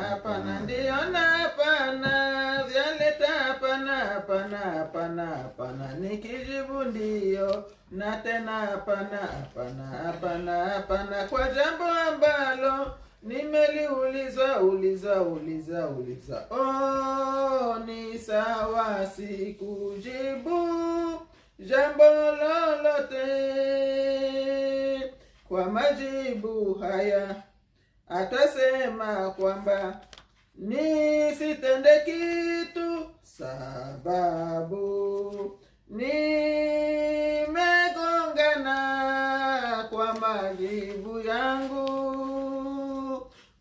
Hapana, mm. ndio na hapana, vyaleta hapana, hapana, hapana, hapana, nikijibu ndio na tena hapana, hapana, hapana, hapana, kwa jambo ambalo nimeliuliza uliza uliza uliza. Oh, ni sawa, sikujibu jambo lolote kwa majibu haya atasema kwamba nisitende kitu sababu nimegongana kwa majibu yangu,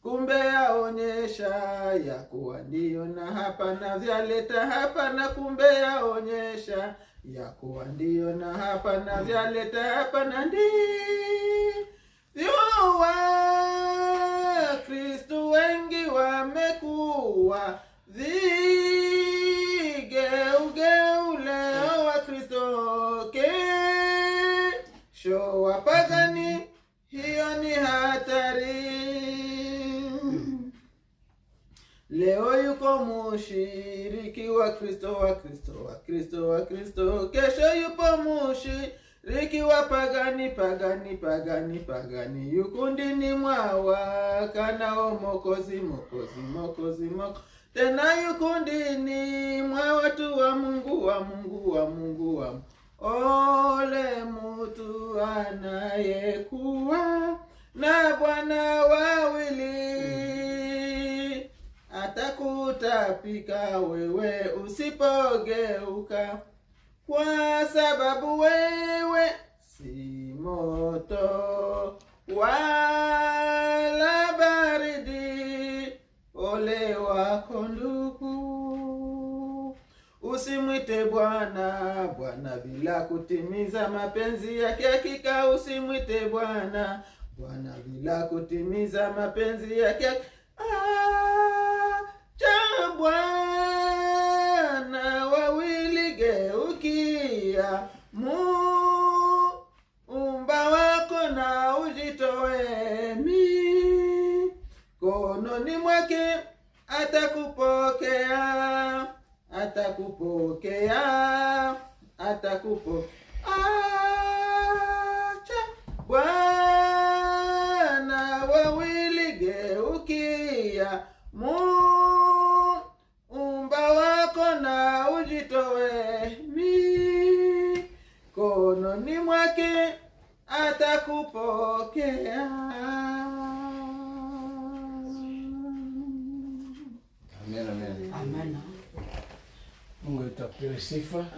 kumbe yaonyesha ya kuwa ndiyo na hapana, vyaleta hapana, kumbe yaonyesha ya kuwa ndiyo na hapana, vyaleta hapana, ndi vyua wapagani hiyo ni hatari. Leo yuko mushiriki wa Kristo wa Kristo wa Kristo wa Kristo, kesho yupo mushiriki wa pagani pagani pagani pagani, yukundini mwawa kanao mokozi mokozi mokozi moko tena yukundini mwa watu wa Mungu wa Mungu wa Mungu wa Mungu. Oh mtu anayekuwa na bwana wawili atakutapika wewe usipogeuka, kwa sababu wewe si moto usimwite Bwana Bwana bila kutimiza mapenzi yake, hakika usimwite Bwana Bwana bila kutimiza mapenzi yake. Ah, Bwana wawili geukia Muumba wako na ujitoe mikononi mwake atakupo atakupokea, atakupokea. Acha Bwana wawili geukia Muumba wako na ujitoe mikononi mwake atakupokea. Pelo Cifra.